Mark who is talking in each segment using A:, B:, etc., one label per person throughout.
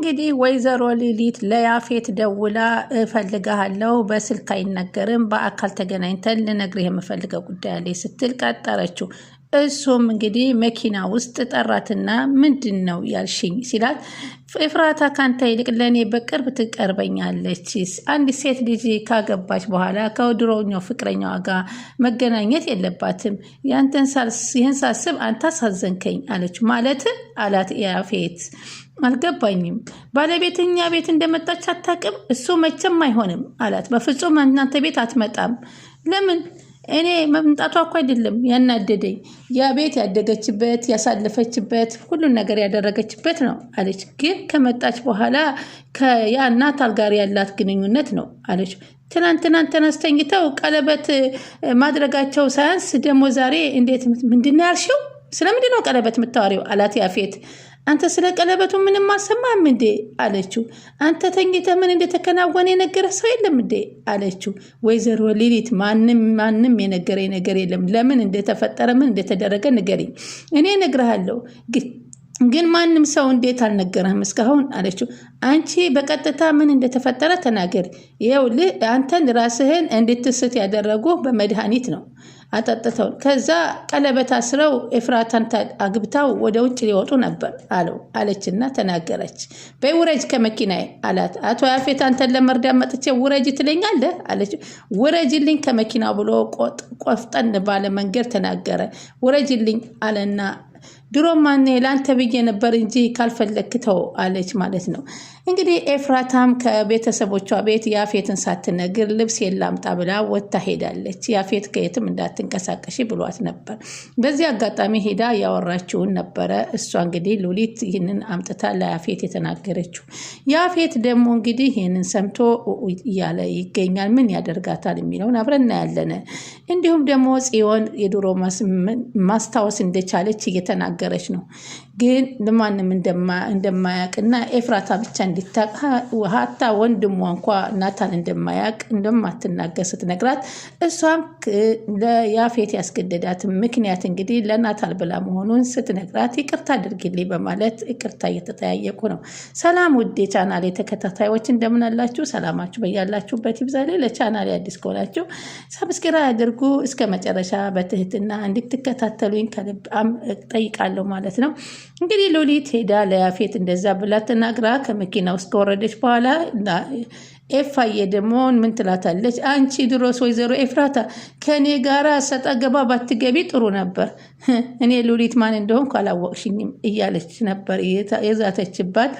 A: እንግዲህ ወይዘሮ ሊሊት ለያፌት ደውላ እፈልግሃለሁ፣ በስልክ አይነገርም፣ በአካል ተገናኝተን ልነግርህ የምፈልገው ጉዳይ ስትል ቀጠረችው። እሱም እንግዲህ መኪና ውስጥ ጠራትና ምንድን ነው ያልሽኝ ሲላት ኤፍራታ ካንተ ይልቅ ለእኔ በቅርብ ትቀርበኛለች። አንዲት ሴት ልጅ ካገባች በኋላ ከድሮኛው ፍቅረኛዋ ጋር መገናኘት የለባትም። ይህን ሳስብ አንተ አሳዘንከኝ አለች። ማለት አላት ያፌት አልገባኝም። ባለቤተኛ ቤት እንደመጣች አታውቅም። እሱ መቼም አይሆንም አላት። በፍጹም እናንተ ቤት አትመጣም። ለምን እኔ መምጣቷ እኮ አይደለም ያናደደኝ፣ ያ ቤት ያደገችበት ያሳለፈችበት ሁሉን ነገር ያደረገችበት ነው አለች። ግን ከመጣች በኋላ ከያናት ጋር ያላት ግንኙነት ነው አለች። ትናንትናን ተነስተኝተው ቀለበት ማድረጋቸው ሳያንስ ደግሞ ዛሬ እንዴት ምንድን ነው ያልሽው? ስለምንድን ነው ቀለበት የምታወሪው? አላት ያፌት አንተ ስለ ቀለበቱ ምንም አሰማም እንዴ አለችው። አንተ ተኝተህ ምን እንደተከናወነ የነገረ ሰው የለም እንዴ አለችው። ወይዘሮ ሊሊት ማንም ማንም የነገረ ነገር የለም። ለምን እንደተፈጠረ ምን እንደተደረገ ንገሪኝ፣ እኔ እነግርሃለሁ ግን ማንም ሰው እንዴት አልነገረህም እስካሁን አለችው። አንቺ በቀጥታ ምን እንደተፈጠረ ተናገሪ። ይኸውልህ አንተን ራስህን እንድትስት ያደረጉ በመድኃኒት ነው አጠጥተውን። ከዛ ቀለበት አስረው ኤፍራታን አግብታው ወደ ውጭ ሊወጡ ነበር አለው አለችና ተናገረች። በይ ውረጅ ከመኪናዬ አላት። አቶ ያፌት አንተን ለመርዳት መጥቼ ውረጅ ትለኛለህ አለችው። ውረጅልኝ ከመኪናው ብሎ ቆፍጠን ባለ መንገድ ተናገረ። ውረጅልኝ አለና ድሮም ማን ለአንተ ብዬ ነበር እንጂ ካልፈለክተው አለች ማለት ነው። እንግዲህ ኤፍራታም ከቤተሰቦቿ ቤት ያፌትን ሳትነግር ልብስ የላምጣ ብላ ወጥታ ሄዳለች። ያፌት ከየትም እንዳትንቀሳቀሽ ብሏት ነበር። በዚህ አጋጣሚ ሄዳ ያወራችውን ነበረ። እሷ እንግዲህ ሉሊት ይህንን አምጥታ ለያፌት የተናገረችው። ያፌት ደግሞ እንግዲህ ይህንን ሰምቶ እያለ ይገኛል። ምን ያደርጋታል የሚለውን አብረን እናያለን። እንዲሁም ደግሞ ጽዮን የድሮ ማስታወስ እንደቻለች እየተናገረች ነው። ግን ለማንም እንደማያውቅና ኤፍራታ ብቻ እንዲታቅ ሀታ ወንድሟ እንኳ ናታን እንደማያቅ እንደማትናገር ስትነግራት እሷም ለያፌት ያስገደዳት ምክንያት እንግዲህ ለናታል ብላ መሆኑን ስትነግራት ይቅርታ አድርግልኝ በማለት ይቅርታ እየተጠያየቁ ነው። ሰላም ውድ የቻናል የተከታታዮች እንደምን አላችሁ? ሰላማችሁ በያላችሁበት ይብዛሌ። ለቻናል አዲስ ከሆናችሁ ሰብስክራ አድርጉ። እስከ መጨረሻ በትህትና እንድትከታተሉኝ ከልብ ጠይቃለሁ ማለት ነው። እንግዲህ ሎሊት ሄዳ ለያፌት እንደዛ ብላ ተናግራ ከመኪና ውስጥ ከወረደች በኋላ ኤፋዬ ደግሞ ምን ትላታለች? አንቺ ድሮስ ወይዘሮ ኤፍራታ ከእኔ ጋራ ሰጣ ገባ ባትገቢ ጥሩ ነበር፣ እኔ ሉሊት ማን እንደሆንኩ አላወቅሽኝም እያለች ነበር የዛተችባት።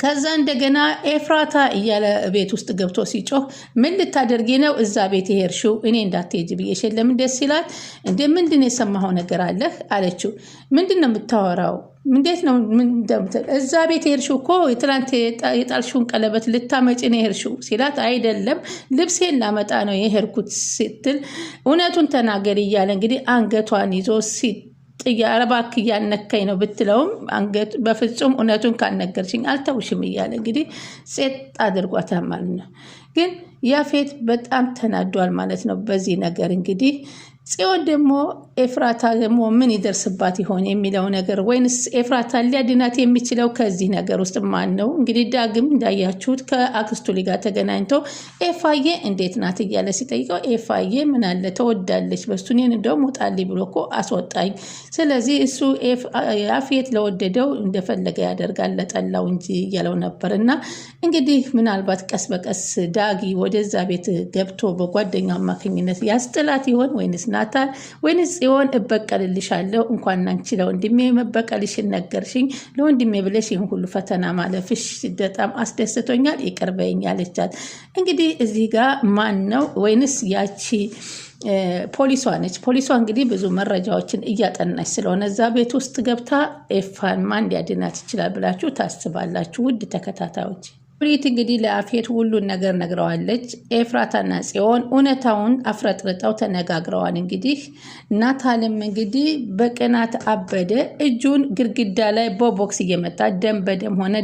A: ከዛ እንደገና ኤፍራታ እያለ ቤት ውስጥ ገብቶ ሲጮህ ምን ልታደርጊ ነው እዛ ቤት የሄድሽው? እኔ እንዳትሄጅ ብዬሽ ለምን ደስ ይላል እንዴ? ምንድን የሰማኸው ነገር አለህ አለችው። ምንድን ነው የምታወራው? እንዴት ነው እዛ ቤት የሄድሽው? እኮ የትናንት የጣልሽውን ቀለበት ልታመጪ ነው የሄድሽው ሲላት፣ አይደለም ልብሴን ላመጣ ነው የሄድኩት ስትል፣ እውነቱን ተናገር እያለ እንግዲህ አንገቷን ይዞ ሲት እባክህ እያነካኝ ነው ብትለውም በፍጹም እውነቱን ካልነገርሽኝ አልተውሽም እያለ እንግዲህ ሴት አድርጓታል ማለት ነው። ግን ያፌት በጣም ተናዷል ማለት ነው። በዚህ ነገር እንግዲህ ጽዮን ደግሞ ኤፍራታ ደግሞ ምን ይደርስባት ይሆን የሚለው ነገር ወይንስ ኤፍራታ ሊያድናት የሚችለው ከዚህ ነገር ውስጥ ማን ነው? እንግዲህ ዳግም እንዳያችሁት ከአክስቱ ጋር ተገናኝቶ ኤፋዬ እንዴት ናት እያለ ሲጠይቀው ኤፋዬ ምን አለ ተወዳለች፣ በሱ እኔን እንደውም ውጣልኝ ብሎ እኮ አስወጣኝ። ስለዚህ እሱ አፌት ለወደደው እንደፈለገ ያደርጋል ለጠላው እንጂ እያለው ነበር። እና እንግዲህ ምናልባት ቀስ በቀስ ዳጊ ወደዛ ቤት ገብቶ በጓደኛው አማካኝነት ያስጥላት ይሆን ወይንስ ናት ይላታል ወይን ጽዮን እበቀልልሻለሁ እንኳን አንቺ ለወንድሜ መበቀልሽን ነገርሽኝ ለወንድሜ ብለሽ ይህን ሁሉ ፈተና ማለፍሽ በጣም አስደስቶኛል ይቅር በይኝ አለቻት እንግዲህ እዚህ ጋር ማን ነው ወይንስ ያቺ ፖሊሷ ነች። ፖሊሷ እንግዲህ ብዙ መረጃዎችን እያጠናች ስለሆነ እዛ ቤት ውስጥ ገብታ ኤፋን ማን ሊያድናት ይችላል ብላችሁ ታስባላችሁ? ውድ ተከታታዮች ፕሪት እንግዲህ ለአፌት ሁሉን ነገር ነግረዋለች። ኤፍራታና ጽዮን እውነታውን አፍረጥርጠው ተነጋግረዋል። እንግዲህ ናታልም እንግዲህ በቅናት አበደ። እጁን ግድግዳ ላይ በቦክስ እየመጣ ደም በደም ሆነ።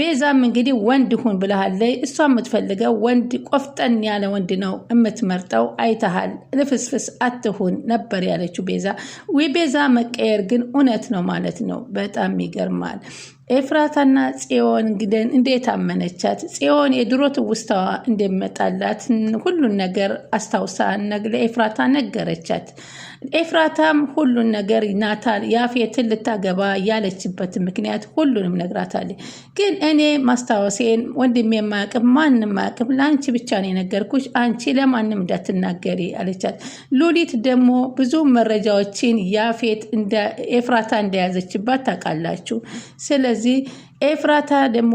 A: ቤዛም እንግዲህ ወንድ ሁን ብለሃለች። እሷ የምትፈልገው ወንድ ቆፍጠን ያለ ወንድ ነው የምትመርጠው። አይተሃል፣ ልፍስፍስ አትሁን ነበር ያለችው ቤዛ። ቤዛ መቀየር ግን እውነት ነው ማለት ነው። በጣም ይገርማል። ኤፍራታና ጽዮን ግደን እንዴት አመነቻት? ጽዮን የድሮ ትውስታዋ እንደመጣላት ሁሉን ነገር አስታውሳ ለኤፍራታ ነገረቻት። ኤፍራታም ሁሉን ነገር ናታል ያፌትን ልታገባ ያለችበት ምክንያት ሁሉንም ነግራታለች። ግን እኔ ማስታወሴን ወንድሜ የማያቅም ማንም ማያቅም ለአንቺ ብቻ ነው የነገርኩሽ፣ አንቺ ለማንም እንዳትናገሪ አለቻት። ሉሊት ደግሞ ብዙ መረጃዎችን ያፌት ኤፍራታ እንደያዘችባት ታውቃላችሁ። ስለዚህ ኤፍራታ ደሞ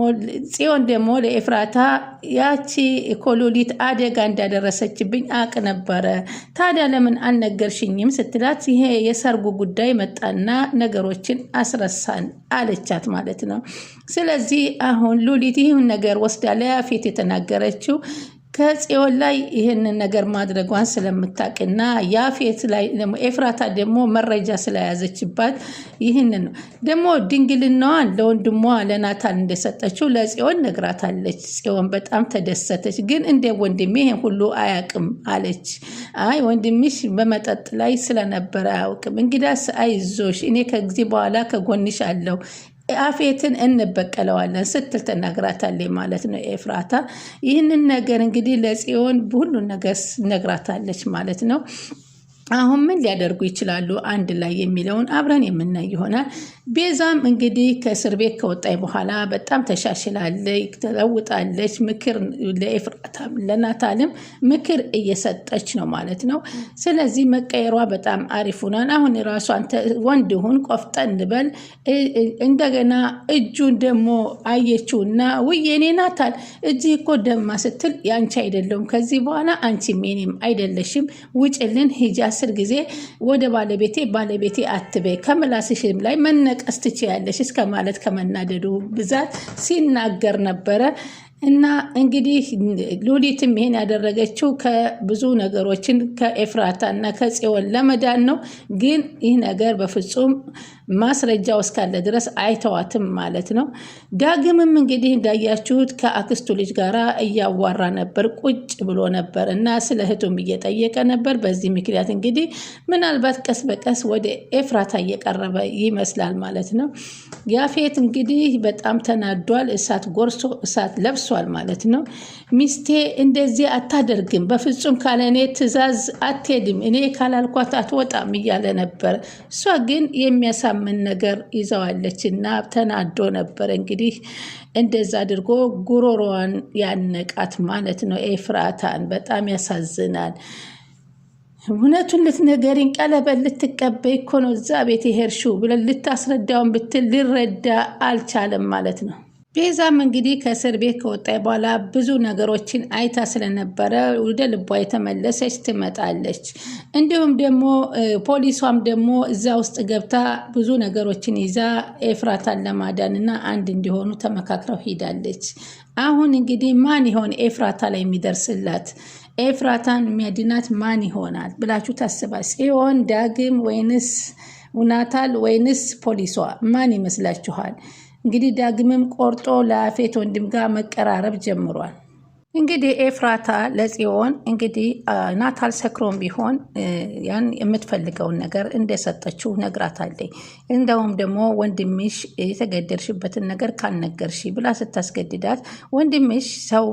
A: ጽዮን ደግሞ ለኤፍራታ ያቺ ኮሎሊት አደጋ እንዳደረሰችብኝ አቅ ነበረ፣ ታዲያ ለምን አልነገርሽኝም? ስትላት ይሄ የሰርጉ ጉዳይ መጣና ነገሮችን አስረሳን አለቻት ማለት ነው። ስለዚህ አሁን ሉሊት ይህን ነገር ወስዳ ለያፌት የተናገረችው ከጽዮን ላይ ይህንን ነገር ማድረጓን ስለምታውቅና ያፌት ላይ ኤፍራታ ደግሞ መረጃ ስለያዘችባት ይህንን ነው ደግሞ ድንግልናዋን ለወንድሟ ለናታን እንደሰጠችው ለጽዮን ነግራታለች። ጽዮን በጣም ተደሰተች። ግን እንደ ወንድሜ ይህን ሁሉ አያቅም አለች። አይ ወንድምሽ በመጠጥ ላይ ስለነበረ አያውቅም። እንግዳስ አይዞሽ፣ እኔ ከጊዜ በኋላ ከጎንሽ አለው አፌትን እንበቀለዋለን ስትል ትነግራታለች ማለት ነው። ኤፍራታ ይህንን ነገር እንግዲህ ለጽዮን ሁሉን ነገር ነግራታለች ማለት ነው። አሁን ምን ሊያደርጉ ይችላሉ አንድ ላይ የሚለውን አብረን የምናይ ይሆናል። ቤዛም እንግዲህ ከእስር ቤት ከወጣኝ በኋላ በጣም ተሻሽላለች፣ ተለውጣለች። ምክር ለኤፍራታም ለናታልም ምክር እየሰጠች ነው ማለት ነው። ስለዚህ መቀየሯ በጣም አሪፍ ሆኗል። አሁን ራሷን ወንድ ሁን፣ ቆፍጠን በል። እንደገና እጁን ደግሞ አየችውና ውይ የኔ ናታል እጅህ እኮ ደማ ስትል ያንቺ አይደለውም፣ ከዚህ በኋላ አንቺም የኔም አይደለሽም፣ ውጭልን ሂጃ አስር ጊዜ ወደ ባለቤቴ ባለቤቴ አትበይ ከምላስሽም ላይ መነቀስ ትችያለሽ እስከ ማለት ከመናደዱ ብዛት ሲናገር ነበረ። እና እንግዲህ ሉሊትም ይሄን ያደረገችው ከብዙ ነገሮችን ከኤፍራታ እና ከጽዮን ለመዳን ነው። ግን ይህ ነገር በፍጹም ማስረጃው እስካለ ድረስ አይተዋትም ማለት ነው። ዳግምም እንግዲህ እንዳያችሁት ከአክስቱ ልጅ ጋር እያዋራ ነበር፣ ቁጭ ብሎ ነበር እና ስለ እህቱም እየጠየቀ ነበር። በዚህ ምክንያት እንግዲህ ምናልባት ቀስ በቀስ ወደ ኤፍራታ እየቀረበ ይመስላል ማለት ነው። ያፌት እንግዲህ በጣም ተናዷል። እሳት ጎርሶ እሳት ለብሷል ማለት ነው። ሚስቴ እንደዚህ አታደርግም፣ በፍጹም ካለ እኔ ትዕዛዝ አትሄድም፣ እኔ ካላልኳት አትወጣም እያለ ነበር። እሷ ግን የሚያሳ የሚያሳምን ነገር ይዘዋለች እና ተናዶ ነበር እንግዲህ እንደዛ አድርጎ ጉሮሮዋን ያነቃት ማለት ነው ኤፍራታን። በጣም ያሳዝናል። እውነቱን ልትነገሪኝ ቀለበት ልትቀበይ እኮ ነው እዛ ቤት የሄድሽው ብለን ልታስረዳውን ብትል ሊረዳ አልቻለም ማለት ነው። ቤዛም እንግዲህ ከእስር ቤት ከወጣች በኋላ ብዙ ነገሮችን አይታ ስለነበረ ወደ ልቧ የተመለሰች ትመጣለች። እንዲሁም ደግሞ ፖሊሷም ደግሞ እዛ ውስጥ ገብታ ብዙ ነገሮችን ይዛ ኤፍራታን ለማዳን እና አንድ እንዲሆኑ ተመካክረው ሂዳለች። አሁን እንግዲህ ማን ይሆን ኤፍራታ ላይ የሚደርስላት? ኤፍራታን የሚያድናት ማን ይሆናል ብላችሁ ታስባች ሲሆን ዳግም ወይንስ ውናታል ወይንስ ፖሊሷ ማን ይመስላችኋል? እንግዲህ ዳግምም ቆርጦ ለአፌት ወንድም ጋር መቀራረብ ጀምሯል። እንግዲህ ኤፍራታ ለጽዮን እንግዲህ ናታል ሰክሮም ቢሆን ያን የምትፈልገውን ነገር እንደሰጠችው ነግራታለች። እንደውም ደግሞ ወንድምሽ የተገደርሽበትን ነገር ካልነገርሽ ብላ ስታስገድዳት ወንድምሽ ሰው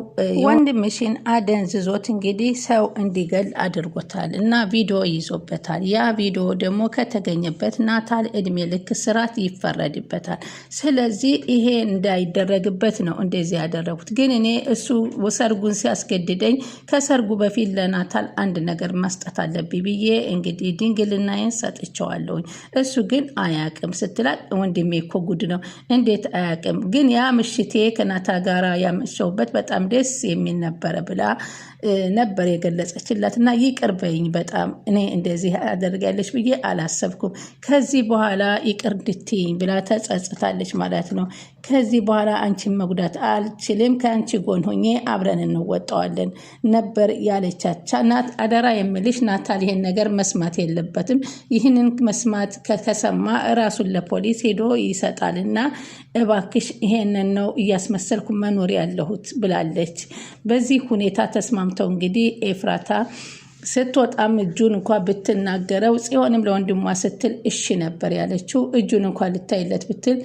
A: ወንድምሽን አደንዝዞት እንግዲህ ሰው እንዲገል አድርጎታል እና ቪዲዮ ይዞበታል። ያ ቪዲዮ ደግሞ ከተገኘበት ናታል እድሜ ልክ ስራት ይፈረድበታል። ስለዚህ ይሄ እንዳይደረግበት ነው እንደዚህ ያደረጉት። ግን እኔ እሱ ሰርጉን ሲያስገድደኝ ከሰርጉ በፊት ለናታል አንድ ነገር መስጠት አለብኝ ብዬ እንግዲህ ድንግልናዬን ሰጥቸዋለሁኝ እሱ ግን አያቅም ስትላል፣ ወንድሜ እኮ ጉድ ነው እንዴት አያቅም? ግን ያ ምሽቴ ከናታ ጋራ ያመሸውበት በጣም ደስ የሚል ነበረ ብላ ነበር የገለጸችላት እና ይቅር በይኝ በጣም እኔ እንደዚህ አደርጋለች ብዬ አላሰብኩም፣ ከዚህ በኋላ ይቅር እንድትይኝ ብላ ተጸጽታለች ማለት ነው። ከዚህ በኋላ አንቺን መጉዳት አልችልም፣ ከአንቺ ጎን ሆኜ አብረን እንወጣዋለን ነበር ያለቻቻ ናት። አደራ የምልሽ ናታል ይሄን ነገር መስማት የለበትም። ይህንን መስማት ከተሰማ ራሱን ለፖሊስ ሄዶ ይሰጣል እና እባክሽ ይሄንን ነው እያስመሰልኩ መኖር ያለሁት ብላለች። በዚህ ሁኔታ ተስማም ተስማምተው እንግዲህ ኤፍራታ ስትወጣም እጁን እንኳ ብትናገረው ጽዮንም ለወንድሟ ስትል እሺ ነበር ያለችው። እጁን እንኳ ልታይለት ብትል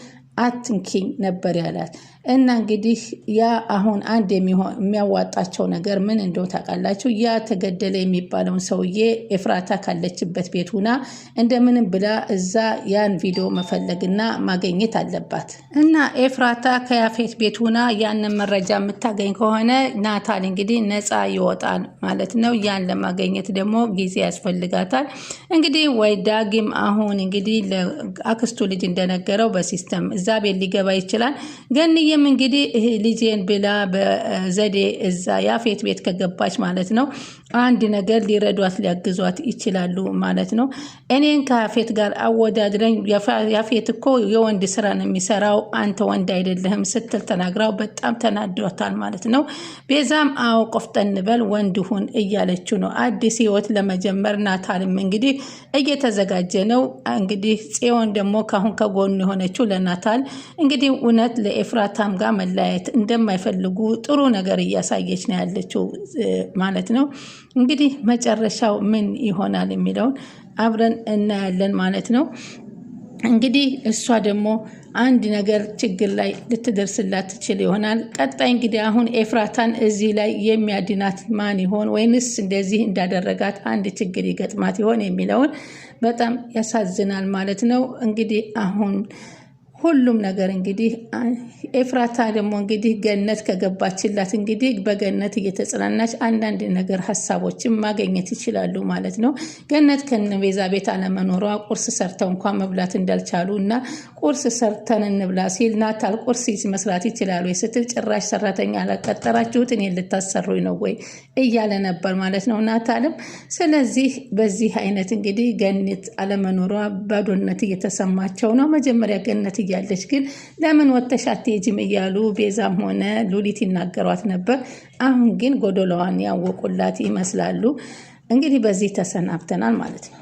A: አትንኪኝ ነበር ያላት። እና እንግዲህ ያ አሁን አንድ የሚያዋጣቸው ነገር ምን እንደው ታውቃላችሁ? ያ ተገደለ የሚባለውን ሰውዬ ኤፍራታ ካለችበት ቤት ሁና እንደምንም ብላ እዛ ያን ቪዲዮ መፈለግና ማገኘት አለባት። እና ኤፍራታ ከያፌት ቤት ሁና ያንን መረጃ የምታገኝ ከሆነ ናታል እንግዲህ ነፃ ይወጣል ማለት ነው። ያን ለማገኘት ደግሞ ጊዜ ያስፈልጋታል። እንግዲህ ወይ ዳግም አሁን እንግዲህ አክስቱ ልጅ እንደነገረው በሲስተም እዛ ቤት ሊገባ ይችላል ገንየ ይህም እንግዲህ ልጄን ብላ በዘዴ እዛ ያፌት ቤት ከገባች ማለት ነው አንድ ነገር ሊረዷት ሊያግዟት ይችላሉ ማለት ነው። እኔን ከያፌት ጋር አወዳድረኝ፣ ያፌት እኮ የወንድ ስራ ነው የሚሰራው፣ አንተ ወንድ አይደለህም ስትል ተናግራው በጣም ተናድሮታል ማለት ነው። ቤዛም አዎ ቆፍጠን በል ወንድ ሁን እያለችው ነው። አዲስ ህይወት ለመጀመር ናታልም እንግዲህ እየተዘጋጀ ነው። እንግዲህ ጽዮን ደግሞ ካሁን ከጎኑ የሆነችው ለናታል እንግዲህ እውነት ለኤፍራታ ከሰላም ጋር መለያየት እንደማይፈልጉ ጥሩ ነገር እያሳየች ነው ያለችው ማለት ነው። እንግዲህ መጨረሻው ምን ይሆናል የሚለውን አብረን እናያለን ማለት ነው። እንግዲህ እሷ ደግሞ አንድ ነገር ችግር ላይ ልትደርስላት ትችል ይሆናል። ቀጣይ እንግዲህ አሁን ኤፍራታን እዚህ ላይ የሚያድናት ማን ይሆን ወይንስ እንደዚህ እንዳደረጋት አንድ ችግር ይገጥማት ይሆን የሚለውን በጣም ያሳዝናል ማለት ነው። እንግዲህ አሁን ሁሉም ነገር እንግዲህ ኤፍራታ ደግሞ እንግዲህ ገነት ከገባችላት እንግዲህ በገነት እየተጽናናች አንዳንድ ነገር ሀሳቦችን ማገኘት ይችላሉ ማለት ነው። ገነት ከነቤዛ ቤት አለመኖሯ ቁርስ ሰርተው እንኳ መብላት እንዳልቻሉ እና ቁርስ ሰርተን እንብላ ሲል ናታል ቁርስ መስራት ይችላሉ ስትል ጭራሽ ሰራተኛ አላቀጠራችሁት እኔ ልታሰሩኝ ነው ወይ እያለ ነበር ማለት ነው ናታልም። ስለዚህ በዚህ አይነት እንግዲህ ገነት አለመኖሯ ባዶነት እየተሰማቸው ነው። መጀመሪያ ገነት እያለች ግን ለምን ወተሻቴ አትሄጂም እያሉ ቤዛም ሆነ ሉሊት ይናገሯት ነበር። አሁን ግን ጎደሎዋን ያወቁላት ይመስላሉ። እንግዲህ በዚህ ተሰናብተናል ማለት ነው።